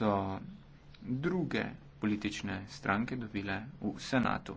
so druge politične stranke dobile v senatu.